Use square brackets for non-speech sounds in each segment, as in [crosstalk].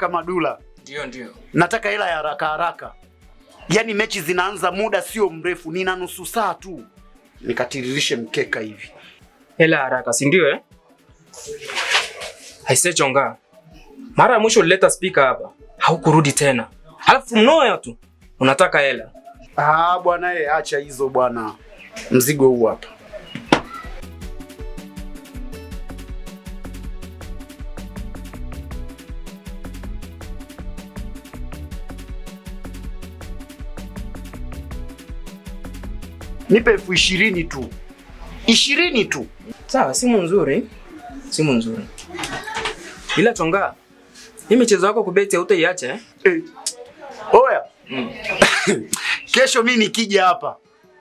kama Dula. Ndio, ndio. Nataka hela ya haraka haraka, yaani mechi zinaanza muda sio mrefu, nina nusu saa tu nikatiririshe mkeka hivi. Hela haraka, si ndio eh? Aise chonga, mara ya mwisho ulileta speaker hapa haukurudi tena, alafu mnoya tu unataka hela. Ah bwana, ye eh, acha hizo bwana, mzigo huu hapa. nipe elfu ishirini tu, ishirini tu. Sawa, simu nzuri, simu nzuri, ila chonga hii michezo yako kubeti hautaiacha eh? Eh. Oya. Mm. [coughs] Kesho mi nikija hapa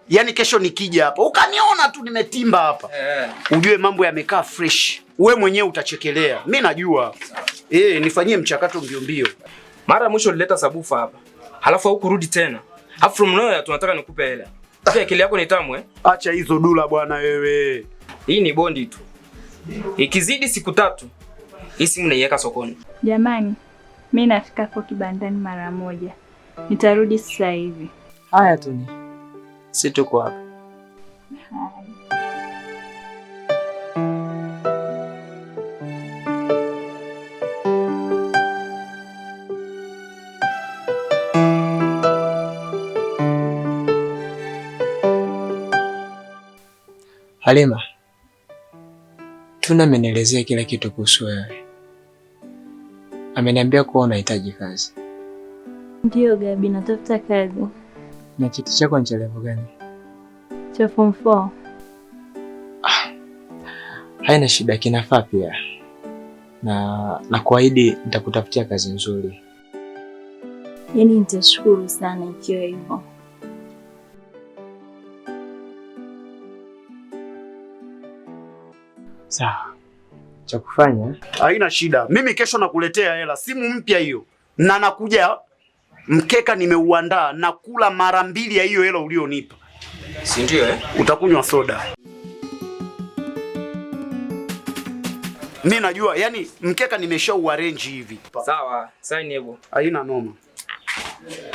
yaani, kesho nikija hapa ukaniona tu nimetimba hapa yeah. Eh. ujue mambo yamekaa fresh, we mwenyewe utachekelea, mi najua eh, nifanyie mchakato mbio mbio. Mara mwisho ulileta sabufa hapa halafu haukurudi tena, afu from leo tunataka nikupe hela sasa akili yako ni tamu eh? Acha hizo dula bwana wewe. Hii ni bondi tu. Ikizidi siku tatu hii simu naiweka sokoni. Jamani, mimi nafika hapo kibandani mara moja, nitarudi sasa hivi. Haya, Tuni, si tuko hapa. Halima, Tuna amenielezea kila kitu kuhusu wewe. Ameniambia kuwa unahitaji kazi. Ndiyo Gabi, natafuta kazi. Na cheti chako ni cha level gani? Cha form 4. Ah, haina shida, kinafaa pia, na nakuahidi nitakutafutia kazi nzuri. Yaani nitashukuru sana ikiwa hivyo. Sawa, cha kufanya haina shida. Mimi kesho nakuletea hela, simu mpya hiyo, na nakuja mkeka nimeuandaa, nakula mara mbili ya hiyo hela ulionipa, si ndio eh? Utakunywa soda. Mi najua yani, mkeka nimesha uarenji hivi. Sawa, sign hivyo, haina noma,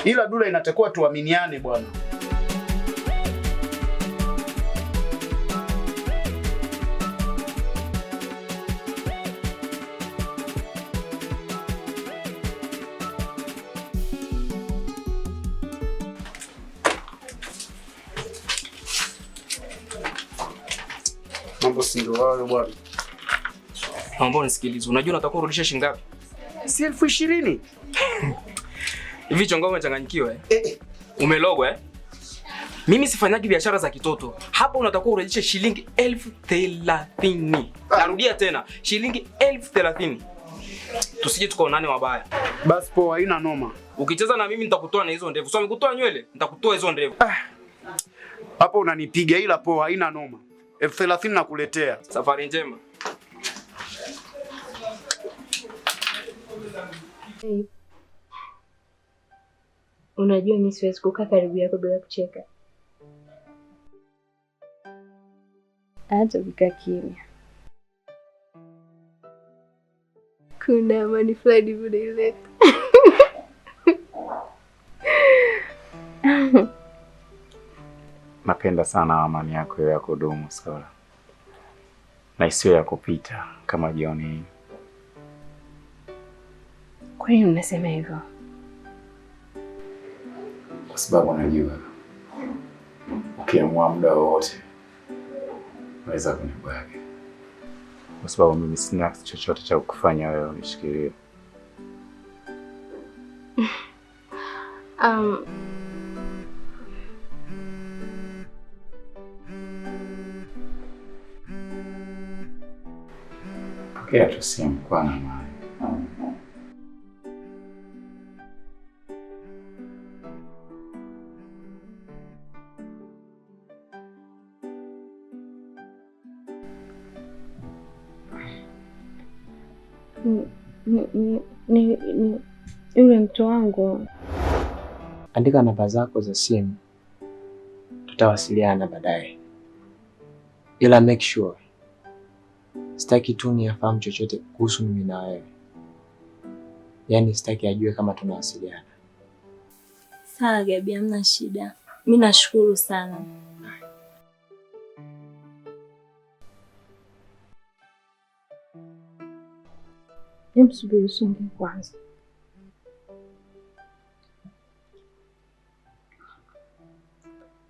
ila Dula inatakiwa tuaminiane bwana. mambo si ndio hayo bwana. Naomba unisikilize. Unajua natakuwa urudishe shilingi ngapi? Si elfu ishirini. [laughs] Hivi chongo umechanganyikiwa eh? Eh. Umelogwa eh? Mimi sifanyagi biashara za kitoto. Hapa unatakuwa urejeshe shilingi elfu thelathini. Ah. Narudia tena, shilingi elfu thelathini. Tusije tukaonane wabaya. Basi poa, haina noma. Ukicheza na mimi nitakutoa na hizo ndevu. Sio nikutoa nywele, nitakutoa hizo ndevu. Ah. Hapo unanipiga ila poa, haina noma elfu eh, thelathini nakuletea. Safari njema. Hey. Unajua mimi siwezi kukaa karibu yako bila kucheka hata kukaa kimya. Kuna amani fulani vinaileta [laughs] Napenda sana amani yako ya kudumu Sola, na isiyo ya kupita kama jioni hii. Kwa nini unasema hivyo? Kwa sababu anajua ukiamua muda wowote unaweza kunibwaga, kwa sababu mimi sina chochote cha kukufanya wewe unishikilie. [laughs] Um, Pokea tu simu kwa na amani. yule mtu wangu. Andika namba zako za simu, tutawasiliana baadaye, ila make sure Sitaki tu ni afahamu chochote kuhusu mimi na wewe, yaani sitaki ajue kama tunawasiliana. Sawa Gabi, hamna shida. Mimi nashukuru sana. Msubiri Sungu kwanza.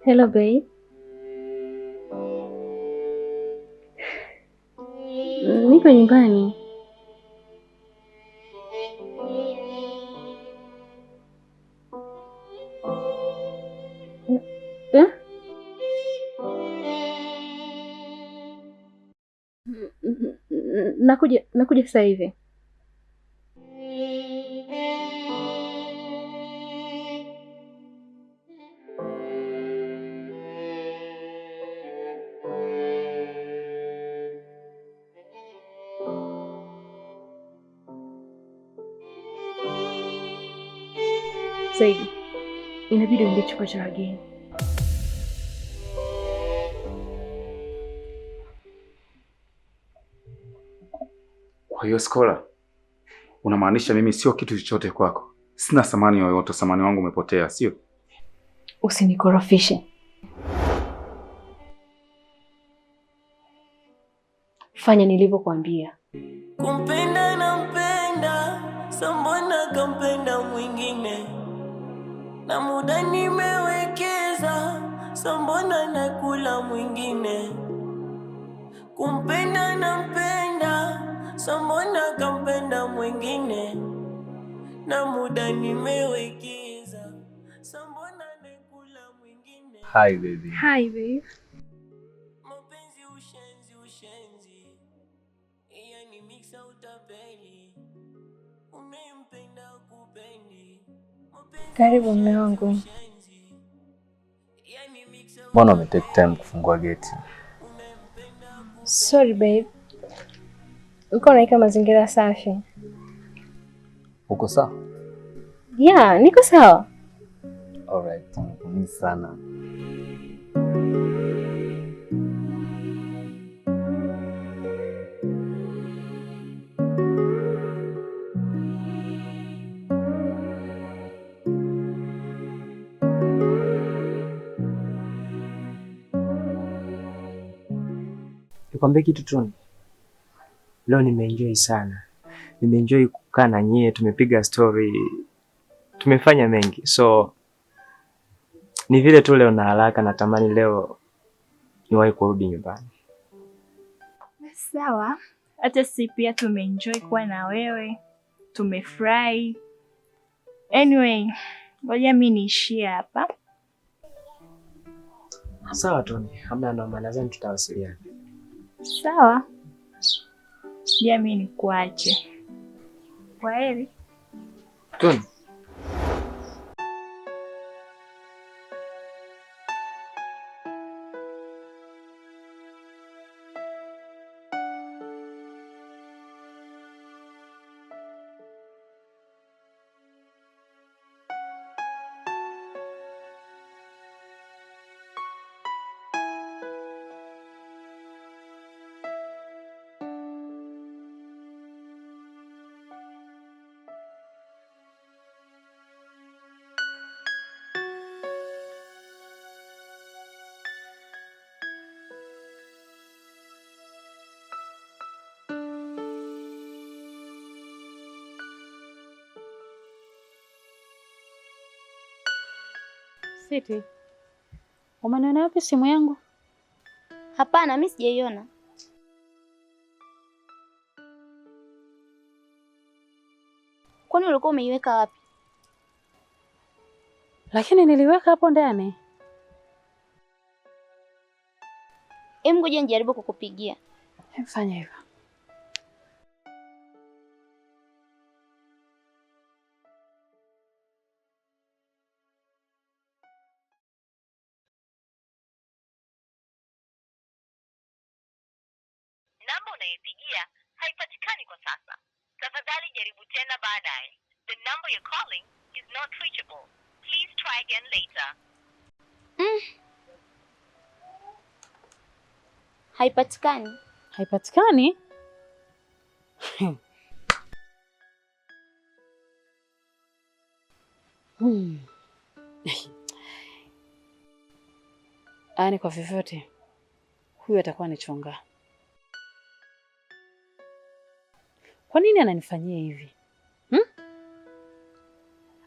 Hello babe. niko nyumbani. Nakuja, nakuja sasa hivi. zaidi inabidi uingie chumba cha wageni. Kwa hiyo Skola, unamaanisha mimi sio kitu chochote kwako? Sina samani yoyote, samani wangu umepotea, sio? Usinikorofishe. Fanya nilivyokuambia. Kumpenda nampenda, sambona kampenda mwingine na muda nimewekeza, sambona na kula mwingine kumpenda na mpenda, sambona kampenda mwingine na muda nimewekeza, sambona na kula mwingine. Hi baby. Hi babe. Karibu mume wangu. Mbona umetake time kufungua geti? Sorry babe. Uko naika mazingira safi. Uko sawa? Yeah, niko sawa. Alright, mimi sana nikwambie kitu tu, leo nimeenjoy sana, nimeenjoy kukaa na nyie, tumepiga story, tumefanya mengi, so ni vile tu leo na haraka, natamani leo niwahi kurudi nyumbani. Sawa, hata si pia tumeenjoy kuwa na wewe, tumefurahi. Anyway, ngoja mi niishie hapa. Sawa Toni, hamna noma, nadhani tutawasiliana. Sawa, jamii, kuache. Kwaheri. Siti, umeniona wapi simu yangu? Hapana, mimi sijaiona. Kwani ulikuwa umeiweka wapi? Lakini niliweka hapo ndani. Hebu ngoja nijaribu kukupigia. Fanya hivyo. namba unayepigia haipatikani kwa sasa. Tafadhali jaribu tena baadaye. The number you're calling is not reachable. Please try again later. Mm. Haipatikani. Haipatikani? Hmm. Yaani [laughs] kwa vyovyote huyu atakuwa ni chonga. Kwa nini ananifanyia hivi hmm?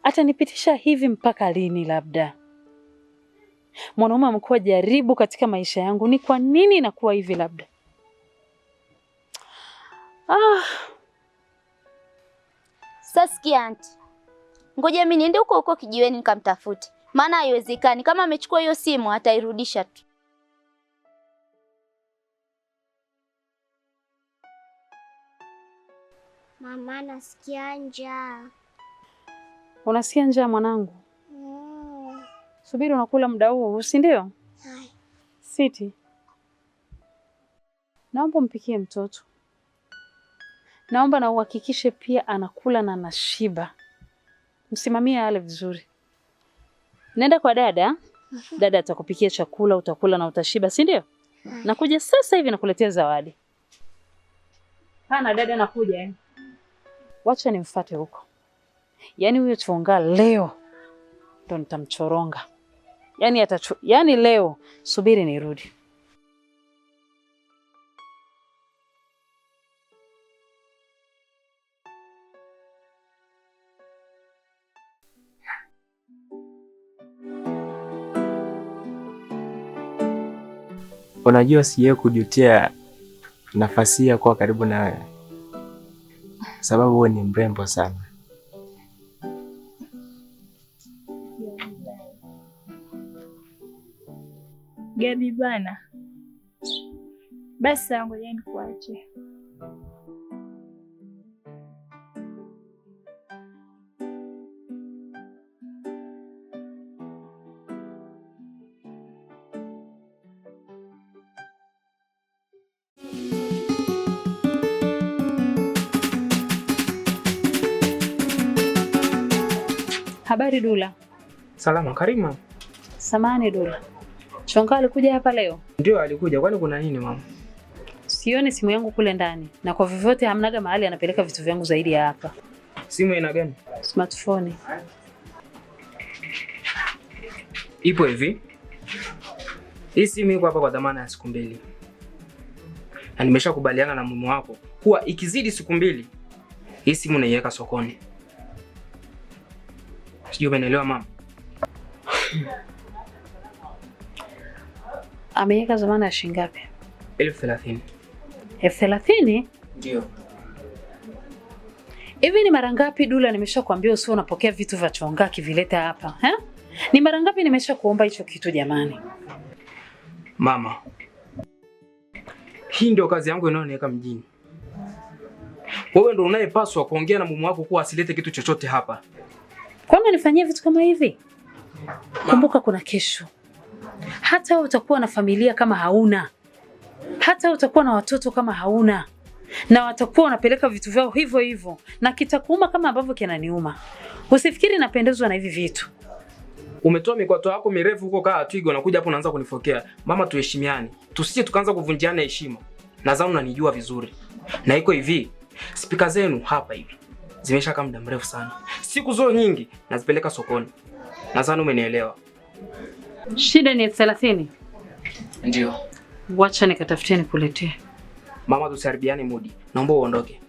Atanipitisha hivi mpaka lini? Labda mwanaume amekuwa jaribu katika maisha yangu, ni kwa nini inakuwa hivi? Labda ah. Sasa anti, ngoja mimi niende huko huko kijiweni nikamtafute, maana haiwezekani. Kama amechukua hiyo simu, atairudisha tu. Mama, nasikia njaa. Unasikia njaa mwanangu? Mm. Subiri, unakula muda huu, si ndio? Siti, naomba mpikie mtoto, naomba na uhakikishe pia anakula na anashiba. Msimamie ale vizuri. Nenda kwa dada, mhm. dada atakupikia chakula, utakula na utashiba, si ndio? Nakuja sasa hivi, nakuletea zawadi. Hana dada, nakuja eh. Wacha nimfate huko. Yaani huyo chonga leo ndo nitamchoronga. Yaani atacho, yaani leo subiri nirudi. Unajua sijawahi kujutia nafasi ya kuwa karibu na wewe sababu wewe ni mrembo sana. Gabi bana, basi ngoja nikuache. Habari Dula. Salama Karima. Samani Dula, Chonga alikuja hapa leo? Ndio alikuja. Kwani kuna nini mama? Sioni simu yangu kule ndani, na kwa vyovyote hamnaga mahali anapeleka vitu vyangu zaidi ya hapa. Simu ina gani? Smartphone ipo hivi. Hii simu iko hapa kwa dhamana ya siku mbili, na nimeshakubaliana na mume wako kuwa ikizidi siku mbili hii simu naiweka sokoni. Sijui umenielewa mama. Ameweka zamana ya shilingi ngapi? elfu thelathini. elfu thelathini? Ndio. Hivi ni mara ngapi Dula, nimesha kuambia usio unapokea vitu vya chonga kivileta hapa ha? Ni mara ngapi nimesha kuomba hicho kitu jamani? Mama, hii ndio kazi yangu inayoniweka mjini. Wewe ndio unayepaswa kuongea na mume wako kuwa asilete kitu chochote hapa. Kwa nini unanifanyia vitu kama hivi? Kumbuka kuna kesho. Hata wewe utakuwa na familia kama hauna, hata wewe utakuwa na watoto kama hauna, na watakuwa wanapeleka vitu vyao hivyo hivyo, na kitakuuma kama ambavyo kinaniuma. Usifikiri napendezwa na hivi vitu. Umetoa mikwato yako mirefu huko kaa twigo, kuja hapo unaanza kunifokea. Mama, tuheshimiane, tusije tukaanza kuvunjiana heshima. Nadhani unanijua vizuri, na iko hivi, spika zenu hapa hivi zimeisha kama muda mrefu sana. Siku zao nyingi nazipeleka sokoni. Nadhani umenielewa. Shida ni thelathini. Ndio. Wacha nikatafutie nikuletee. Mama, tusiharibiane mudi. Naomba uondoke.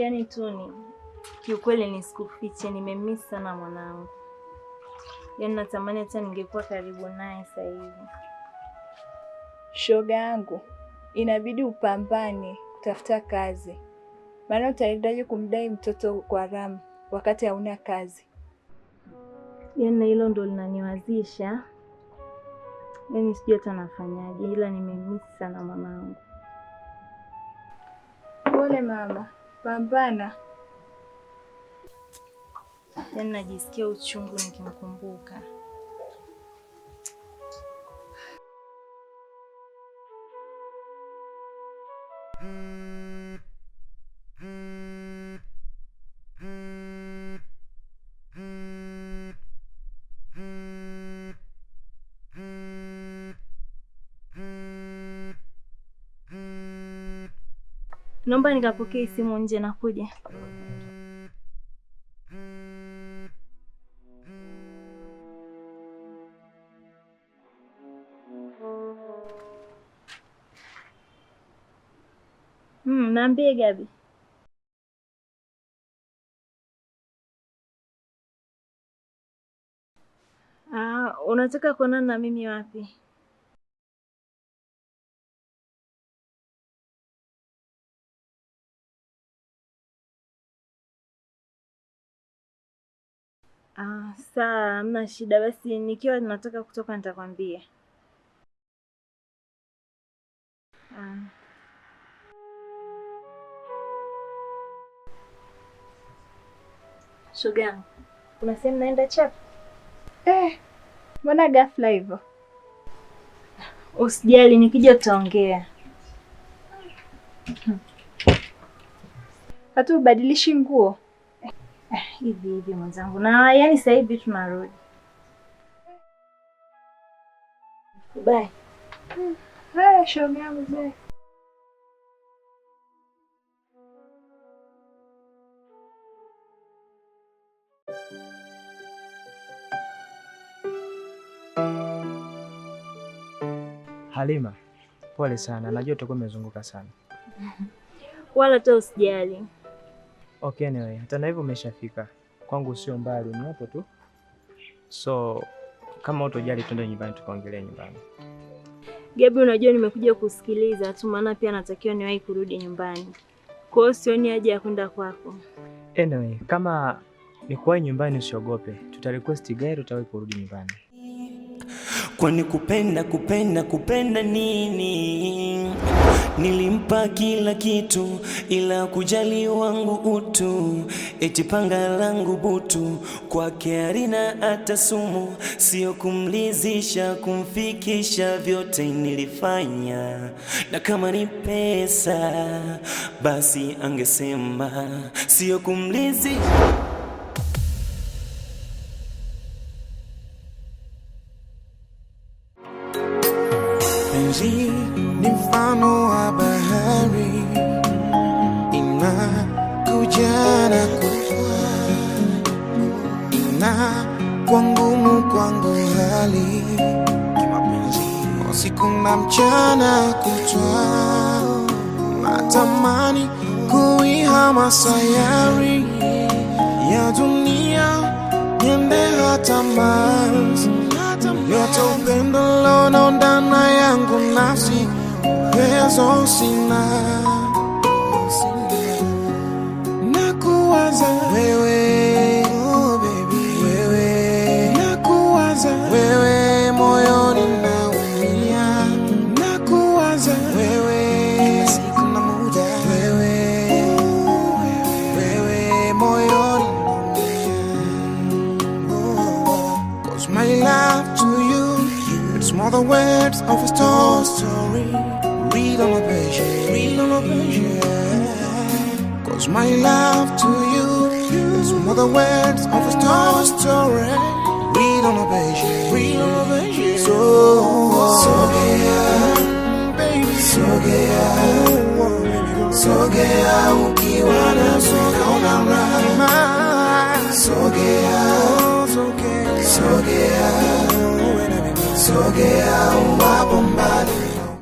Yaani Toni, kiukweli nisikufiche, nimemiss sana mwanangu. Yaani natamani hata ningekuwa karibu naye sasa hivi. Shoga yangu, inabidi upambane kutafuta kazi, maana utaendaje kumdai mtoto kwa ramu wakati hauna kazi? Yaani hilo ndo linaniwazisha, yaani sijui hata nafanyaje, ila nimemiss sana mwanangu. Pole mama. Pambana. Yaani najisikia uchungu nikimkumbuka. Mm. Naomba nikapokee simu nje na kuja. Mm, naambie Gabi. Ah, unataka kuonana na mimi wapi? Ah, sawa, hamna shida. Basi nikiwa ninatoka kutoka nitakwambia. Ah. Shoga, kuna sehemu naenda chap? Eh, mbona ghafla hivyo? Usijali, nikija tutaongea. Hatu ubadilishi nguo? Eh, hivi hivi mwenzangu, na yani sasa hivi tunarudi bye. Hmm. Haya, shoga yangu bye. Halima, pole sana, najua utakuwa umezunguka sana. [laughs] Wala tu usijali. Okay, anyway, hata na hivyo umeshafika kwangu, sio mbali, ni hapo tu, so kama utojali twende nyumbani tukaongelee nyumbani. Gabi, unajua nimekuja kusikiliza tu, maana pia natakiwa niwahi kurudi nyumbani, kwa hiyo sioni haja ya kwenda kwako. Anyway, kama ni nikuwahi nyumbani usiogope, tuta request gari, utawahi kurudi nyumbani. Kwani kupenda kupenda kupenda nini? Nilimpa kila kitu ila kujali wangu utu, eti panga langu butu kwake arina hata sumu, sio kumlizisha kumfikisha, vyote nilifanya, na kama ni pesa basi angesema sio kumlizisha na mchana kutwa natamani kuihama sayari ya dunia niende hata Mars. Yote upendo lono ndana yangu nafsi uwezo sina na kuwaza wewe my love to you. It's more the words of a story. Read on a page, read on page, Cause my love to you. It's more the words of a story. Read on a page, read on page, So, so baby, so yeah. So yeah, ukiwa na so na Sogea, sogea, wabomba